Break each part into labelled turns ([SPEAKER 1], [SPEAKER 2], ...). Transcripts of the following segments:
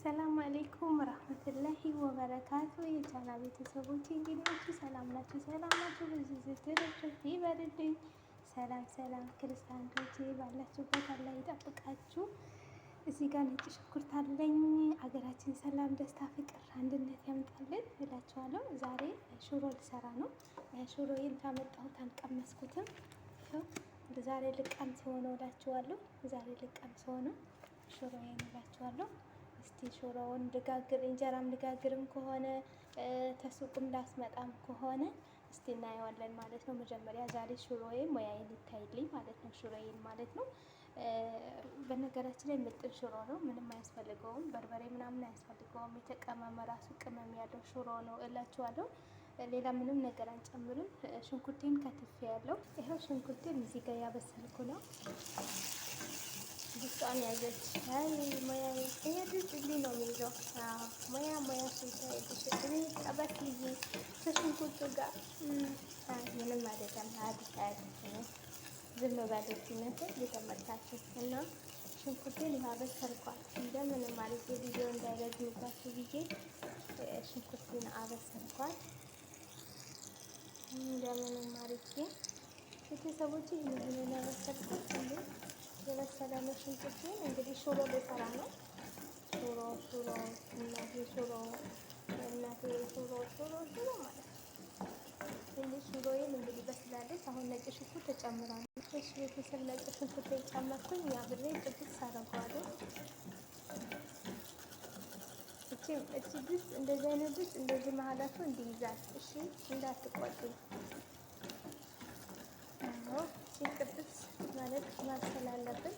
[SPEAKER 1] አሰላሙ አሌይኩም ረህመቱላሂ ወበረካቱ የቻና ቤተሰቦች እንግዲህ ሰላም ናችሁ? ሰላም ናችሁ? ብዙ ዝትሮች ይበርልኝ። ሰላም ሰላም ክርስቲያኖች ባላችሁበት አላህ ይጠብቃችሁ። እዚህ ጋር ነጭ ሽንኩርት አለኝ። አገራችን ሰላም፣ ደስታ፣ ፍቅር፣ አንድነት ያምጣልን እላችኋለሁ። ዛሬ ሽሮ ልሰራ ነው። ሽሮዬን ካመጣሁት አልቀመስኩትም። ዛሬ ልቀምስ ሆኖ እላችኋለሁ። ዛሬ ልቀምስ ሆኖ ሽሮዬን እላችኋለሁ። እስቲ ሽሮውን ልጋግር እንጀራም ልጋግርም ከሆነ ተሱቅም ላስመጣም ከሆነ እስቲ እናየዋለን ማለት ነው። መጀመሪያ ዛሬ ሽሮዬ ሙያዬ ይታይልኝ ማለት ነው። ሽሮዬን ማለት ነው። በነገራችን ላይ ምጥን ሽሮ ነው። ምንም አያስፈልገውም፣ በርበሬ ምናምን አያስፈልገውም። የተቀመመ ራሱ ቅመም ያለው ሽሮ ነው እላችኋለሁ። ሌላ ምንም ነገር አንጨምርም። ሽንኩርቴን ከትፌ ያለው ይኸው ሽንኩርቴን እዚህ ጋር ያበሰልኩ ነው። ብቻዋን ያዘች። አይ ሙያ እየሄዱ ጭልኝ ነው የሚይዘው ሙያ ሙያ ሲሄዱ ስትል ጠበቅ ጊዜ ከሽንኩርቱ ጋር ምንም አይደለም። አዲስ አያደርግም ዝም ባለች ይመስል የተመታችው እና ሽንኩርቱን ይሃበት ሰርኳል። እንደምንም ማለት ቪዲዮ እንዳይረዝምባቸው ጊዜ ሽንኩርቱን አበሰርኳል። እንደምንም ማለት ቤተሰቦች ይህንን ያበሰርኩት እንዴ የበሰለ ነው። ሽንኩርቱን እንግዲህ ሽሮ ልሰራ ነው። ሽሮ ሽሮ እናቴ ሽሮ እናቴ ሽሮ ሽሮ ሽሮ ማለት ነው። ሽሮዬን እንግዲህ በስላለች። አሁን ነጭ ሽንኩርት ተጨምራለች። እሺ ቤተሰብ ነጭ ሽንኩርት የጨመርኩኝ ያብሬ ጥብስ አደርገዋለሁ። እቺ እቺ ድስት እንደዚህ አይነት ድስት እንደዚህ መሀላቱ እንዲይዛል። እሺ እንዳትቆጡ ቅብስ ማለት ማብሰል አለብን።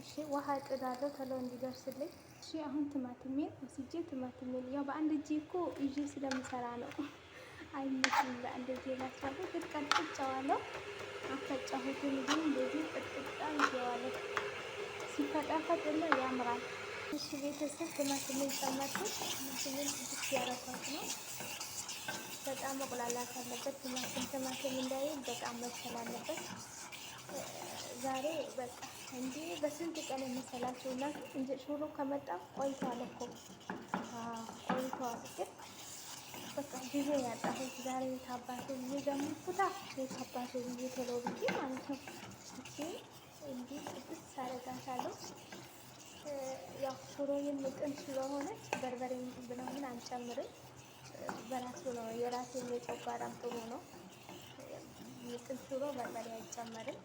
[SPEAKER 1] እሺ ውሃ እጥዳለሁ ተሎ እንዲደርስልኝ። እሺ አሁን ቲማቲሜን ወስጄ ቲማቲሜን ያው በአንድ እጄ እኮ ይዤ ስለምሰራ ነው አይመስልም። በአንድ እጄ ላስራቡ ቅጥቀጥጫዋለው አፈጫሁትን ግን እንደዚህ ቅጥቅጣ ይዘዋለሁ። ሲፈጣፈጥና ያምራል። እሺ ቤተሰብ ቲማቲሙን ጨመርኩ። ቲማቲሙን ትንሽ ያረኳት ነው። በጣም መቁላላት አለበት። ቲማቲም ቲማቲም እንዳይል በጣም መብሰል አለበት። ዛሬ በቃ እንጂ በስንት ቀን የመሰላችሁ እና እንጂ ሹሮ ከመጣ ቆይቷል እኮ ቆይቷል፣ ግን በቃ ጊዜ ያጣሁት ዛሬ የታባቱ ብዬ ገምኩታ የታባቱ ብዬ ማለት ነው እንዲህ ቅድስት አረጋታል ያው ሽሮ የምጥን ስለሆነች በርበሬ ምናምን አንጨምርም። በራሱ ነው የራሱ የጨጓራም ጥሩ ነው። ምጥን ሽሮ በርበሬ አይጨመርም።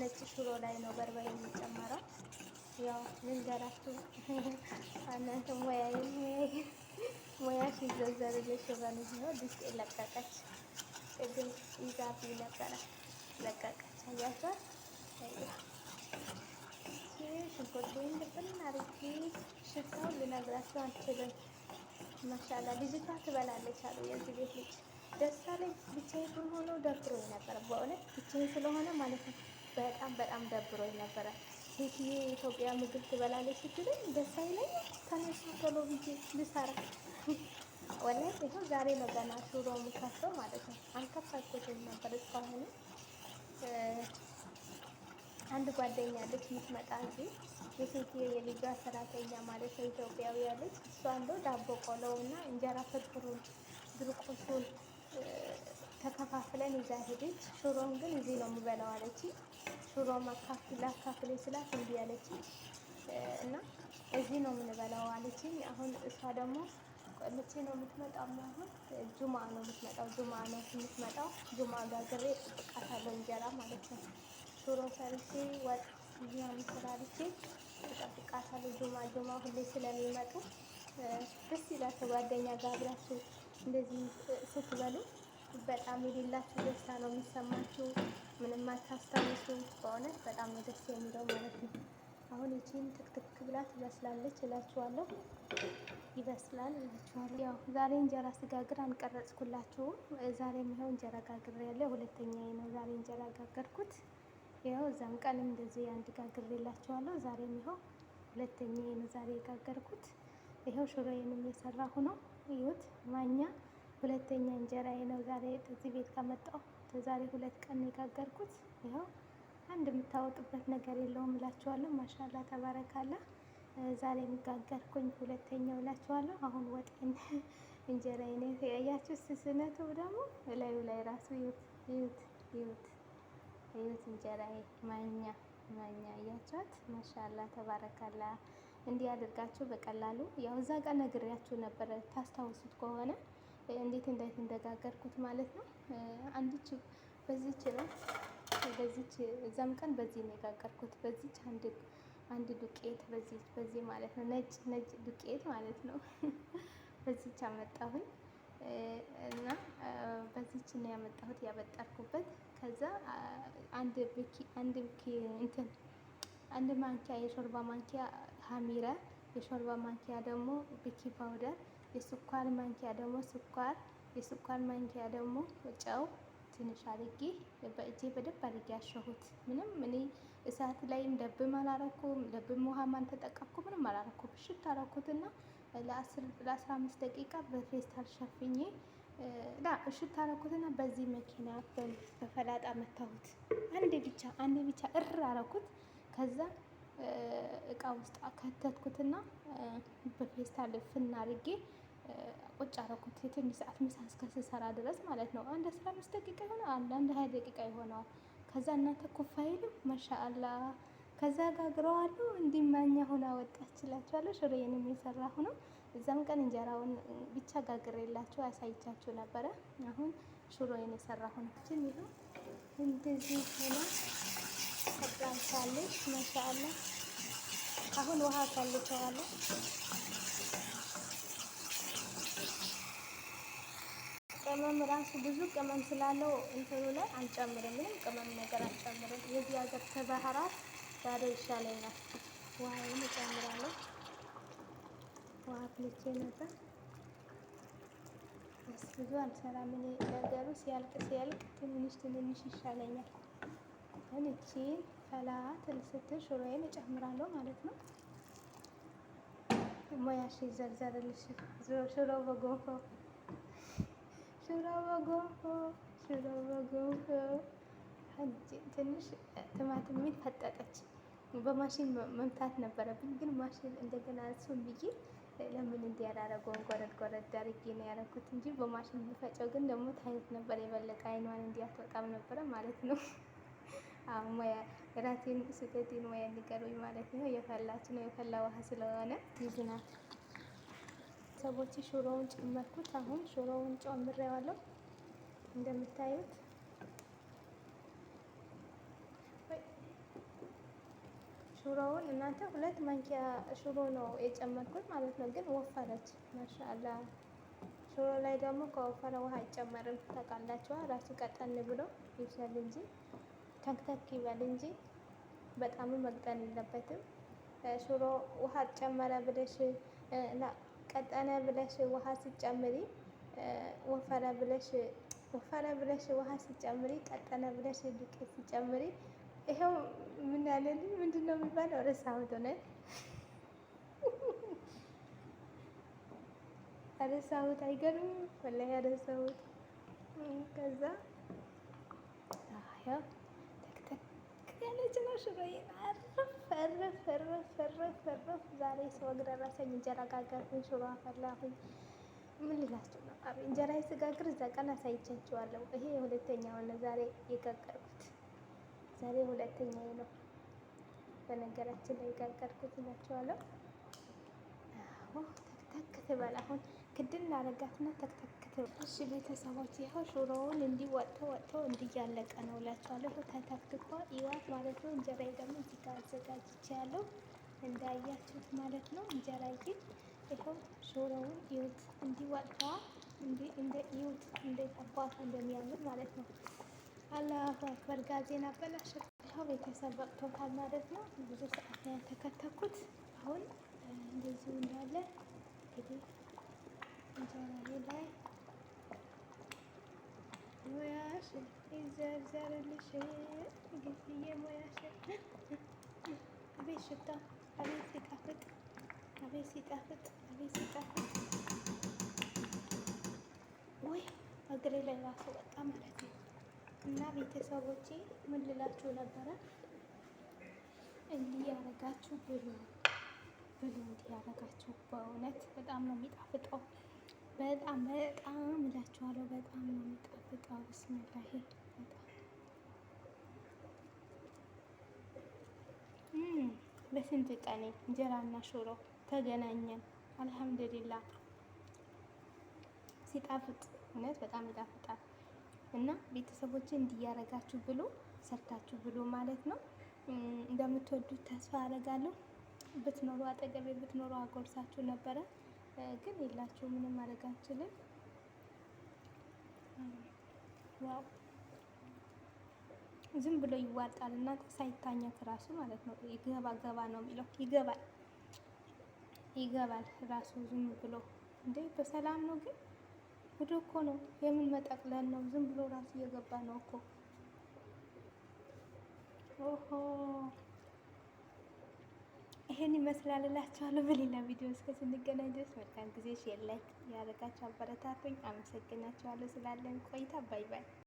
[SPEAKER 1] ነጭ ሽሮ ላይ ነው በርበሬ የሚጨመረው። ያው ልንገራችሁ እናንተ ሙያ ሙያዬ ሙያ ሲዘዘርልሽ በሉት ነው። ድስት ለቀቀች፣ ቅድም ነበረ ለቀቀች። አያቸዋል ሽንኩርቱን ልብን አድርጌ ሽታው ልነግራቸው አልችልም። ማሻላ ልጅቷ ትበላለች አሉ የዚህ ቤት ልጅ ደስታ ላይ ብቻዬን ሆኖ ደብሮኝ ነበር። በእውነት ብቻዬን ስለሆነ ማለት ነው በጣም በጣም ደብሮኝ ነበረ። ሴትዬ የኢትዮጵያ ምግብ ትበላለች ስትለኝ ደስታ ይለኝ ተነሱ ቶሎ ብዬ ልሰራ ወላሂ ይኸው ዛሬ ነው ገና ሹሮ የምከፍተው ማለት ነው። አንከፋኩትም ነበር እስካሁንም አንድ ጓደኛ ልጅ የምትመጣ እንጂ የሴትዮ የልጇ ሰራተኛ ማለት ነው ኢትዮጵያዊ ያለች እሷ እንደው ዳቦ ቆለው እና እንጀራ ፍርፍሩን ድርቆሹን ተከፋፍለን ይዛ ሄደች። ሽሮን ግን እዚህ ነው የምበላው አለች። ሽሮ ማካፍላ አካፍሌ ስላት እንዲህ አለች እና እዚህ ነው የምንበላው አለችኝ። አሁን እሷ ደግሞ መቼ ነው የምትመጣው? አሁን ጁማ ነው የምትመጣው። ጁማ ነው የምትመጣው። ጁማ ጋር ግሬ ጥብቃት እንጀራ ማለት ነው ሽሮ ሰርቼ ወጥ ጊዜም ሰራርቼ እጠብቃታለሁ። ጆማ ጆማ ሁሌ ስለሚመጡ ደስ ይላል። ጓደኛ ጋር አብራችሁ እንደዚህ ስትበሉ በጣም የሌላችሁ ደስታ ነው የሚሰማችሁ። ምንም አታስታውሱ። በእውነት በጣም ነው ደስ የሚለው ማለት ነው። አሁን ይቺን ትክትክ ብላ ትበስላለች እላችኋለሁ። ይበስላል እላችኋለሁ። ያው ዛሬ እንጀራ ስጋግር አንቀረጽኩላችሁም። ዛሬ የሚሆን እንጀራ ጋግሬያለሁ። ሁለተኛዬ ነው ዛሬ እንጀራ ጋገርኩት። ይኸው እዛም ቀንም እንደዚህ አንድ ጋግሬላችኋለሁ። ዛሬም ይኸው ሁለተኛ ነው ዛሬ የጋገርኩት። ይኸው ሽሮዬንም የሰራ ሁኖ ይሁት ማኛ ሁለተኛ እንጀራዬ ነው ዛሬ እዚህ ቤት ከመጣሁ ዛሬ ሁለት ቀን የጋገርኩት። ይኸው አንድ የምታወጡበት ነገር የለውም እላችኋለሁ። ማሻላ ተባረካላ። ዛሬ የሚጋገርኩኝ ሁለተኛው እላችኋለሁ። አሁን ወጤን እንጀራዬ ነው ያያችሁ። ስስነቱ ደግሞ እላዩ ላይ ራሱ ይሁት ይሁት ይሁት እዩት እንጀራዬ ማኛ ማኛ እያቸዋት ማሻላ ተባረካላ። እንዲህ አድርጋችሁ በቀላሉ ያው እዛ ጋር ነግሬያችሁ ነበረ ታስታውሱት ከሆነ እንዴት እንዴት እንደጋገርኩት ማለት ነው። አንድች በዚች ነው በዚች እዛም ቀን በዚህ ነው የጋገርኩት። በዚች አንድ አንድ ዱቄት በዚህ በዚህ ማለት ነው ነጭ ነጭ ዱቄት ማለት ነው። በዚች አመጣሁኝ እና በዚች ነው ያመጣሁት ያበጠርኩበት ከዛ አንድ ብኪ አንድ ብኪ እንትን አንድ ማንኪያ የሾርባ ማንኪያ ሀሚረ የሾርባ ማንኪያ ደግሞ ብኪ ፓውደር የስኳር ማንኪያ ደግሞ ስኳር የስኳር ማንኪያ ደግሞ ጨው ትንሽ አድርጌ በእጄ በደንብ አድርጌ አሸሁት። ምንም እኔ እሳት ላይም ደብም አላረኩም፣ ደብም ውሃም አልተጠቀምኩ፣ ምንም አላረኩም። ብሽት አረኩትና ለአስራ አምስት ደቂቃ በፌስታል ሸፍኜ እሽት አደረኩትና በዚህ መኪና በፈላጣ መታሁት። አንዴ ብቻ አንዴ ብቻ እር አደረኩት። ከዛ እቃ ውስጥ ከተትኩትና በፌስታል ፍና አድርጌ ቁጭ አረኩት። የትንሽ ሰዓት ምሳ እስከስሰራ ድረስ ማለት ነው። አንድ አስራ አምስት ደቂቃ ይሆነዋል፣ አንድ አንድ ሀያ ደቂቃ ይሆነዋል። ከዛ እናንተ ኩፋይሉ ማሻአላ ከዛ ጋግረዋሉ። እንዲህ ማኛ ሆና ወጣችላችኋለሁ። ሽሬንም የሰራ ሆነው እዛም ቀን እንጀራውን ብቻ ጋግሬላችሁ አሳይቻችሁ ነበረ። አሁን ሽሮዬን የሰራሁን ችን ይኸው እንደዚህ ሆና ተብላንሳለች። ማሻአላ አሁን ውሃ አሳልቸዋለሁ። ቅመም ራሱ ብዙ ቅመም ስላለው እንትኑ ላይ አንጨምርም። ምንም ቅመም ነገር አንጨምርም። የዚህ ሀገር ተባህራት ዛሬ ይሻለኛል። ውሃውን እጨምራለሁ አፍልቼ ነበር። ብዙ አልሰራም እኔ ነገሩ ሲያልቅ ሲያልቅ ትንንሽ ትንንሽ ይሻለኛል። ግን እቺን ፈላ ስትል ሽሮዬን እጨምራለሁ ማለት ነው። ሙያሽ ይዘርዘርልሽ። ሽሮ በጎንፎ ሽሮ በጎንፎ ሽሮ በጎንፎ ትንሽ ቲማቲም ፈጠጠች። በማሽን መምታት ነበረብኝ፣ ግን ማሽን እንደገና እሱን ብዬ ለምን እንዲህ ያላረገውን ጎረድ ጎረድ አድርጌ ነው ያደረኩት እንጂ በማሽን ብፈጨው ግን ደግሞ ታይት ነበር የበለጠ አይኗን እንዲያስወጣም ነበረ ማለት ነው። ሙያ ስህተቴን ሙያ ንገሩኝ ማለት ነው። የፈላች ነው የፈላ ውሃ ስለሆነ ይዝናል። ሰዎች ሽሮውን ጨመርኩት። አሁን ሽሮውን ጨምሬዋለሁ እንደምታዩት ሽሮውን እናንተ ሁለት ማንኪያ ሹሮ ነው የጨመርኩት ማለት ነው። ግን ወፈረች ማሻአላ። ሹሮ ላይ ደግሞ ከወፈረ ውሃ አይጨመርም ታውቃላችኋ። ራሱ ቀጠን ብሎ ይብሰል እንጂ ተክተክ ይበል እንጂ በጣም መቅጠን የለበትም። ሹሮ ውሃ ጨመረ ብለሽ ቀጠነ ብለሽ ውሃ ስጨምሪ ወፈረ ብለሽ ወፈረ ብለሽ ውሃ ስጨምሪ ቀጠነ ብለሽ ዱቄት ስጨምሪ ይኸው ምን ያለን ምንድን ነው የሚባለው? ረሳሁት። እውነት ረሳሁት። አይገርም ወላሂ ረሳሁት። ከዛ ያው ተክተክ ያለች ነው ሽሮዬ። እረፍ ዛሬ ስወግድ እራሴን እንጀራ ጋገርኩኝ፣ ሽሮ አፈላሁኝ። ምን ልላችሁ ነው? እንጀራ ስጋግር እዛ ቀን አሳይቻችኋለሁ። ይሄ ዛሬ ዛሬ ሁለተኛ ነው። በነገራችን ላይ ቀልቀልኩት እላቸዋለሁ። አዎ ተክተክ ትበል። አሁን ክድን ላረጋትና ተክተክ ትበል። እሺ ቤተሰቦች ይኸው ሹሮውን እንዲህ ወጥቶ ወጥተው እንዲያለቀ ነው እላቸዋለሁ። ተተክትኳ ይዋት ማለት ነው። እንጀራ ደግሞ እዚህ ጋር አዘጋጅቼ ያለው እንዳያችሁት ማለት ነው። እንጀራ ይህ ይኸው ሹሮውን ይዩት እንዲህ ወጥተዋ እንደ ይዩት እንደ አባቱ እንደሚያምር ማለት ነው። አላሁ አክበር ጋዜና በላሸት ይኸው ቤተሰብ በቅቶታል ማለት ነው። ብዙ ሰዓት ነው ያልተከተኩት። አሁን እንደዚሁ እንዳለ እንግዲህ እንጀራዬ ላይ ሙያሽ ይዘርዘርልሽ ጊዜዬ ሙያሽ አቤት ሽታ አቤት ሲጣፍጥ አቤት ሲጣፍጥ አቤት ሲጣፍጥ ወይ እግሬ ላይ ራሱ ወጣ ማለት ነው። እና ቤተሰቦቼ ምን ልላችሁ ነበረ? እንዲህ ያደረጋችሁ ብሉ ብሉ፣ እንዲህ ያደረጋችሁ በእውነት በጣም ነው የሚጣፍጠው። በጣም በጣም እላችኋለሁ፣ በጣም ነው የሚጣፍጠው። ብስሚላሂ በጣም በስንት ቀኔ እንጀራና ሽሮ ተገናኘን። አልሐምዱሊላህ ሲጣፍጥ እውነት በጣም ይጣፍጣል። እና ቤተሰቦች እንዲያረጋችሁ ብሎ ሰርታችሁ ብሎ ማለት ነው። እንደምትወዱት ተስፋ አረጋለሁ። ብትኖሩ አጠገቤ ብትኖሩ አጎርሳችሁ ነበረ፣ ግን የላችሁ ምንም ማድረግ አንችልም። ዋው ዝም ብሎ ይዋጣል እና ሳይታኘት ራሱ ማለት ነው። ይገባ ገባ ነው የሚለው ይገባል ይገባል ራሱ ዝም ብሎ እንዴ በሰላም ነው ግን ጉድ እኮ ነው። የምን መጠቅለል ነው? ዝም ብሎ ራሱ እየገባ ነው እኮ ኦሆ። ይሄን ይመስላል እላችኋለሁ። በሌላ ቪዲዮ እስከ ስንገናኝ ድረስ መልካም ጊዜ። ሼር ላይክ ያደረጋችሁ አበረታቱኝ። አመሰግናችኋለሁ ስላለን ቆይታ። ባይ ባይ።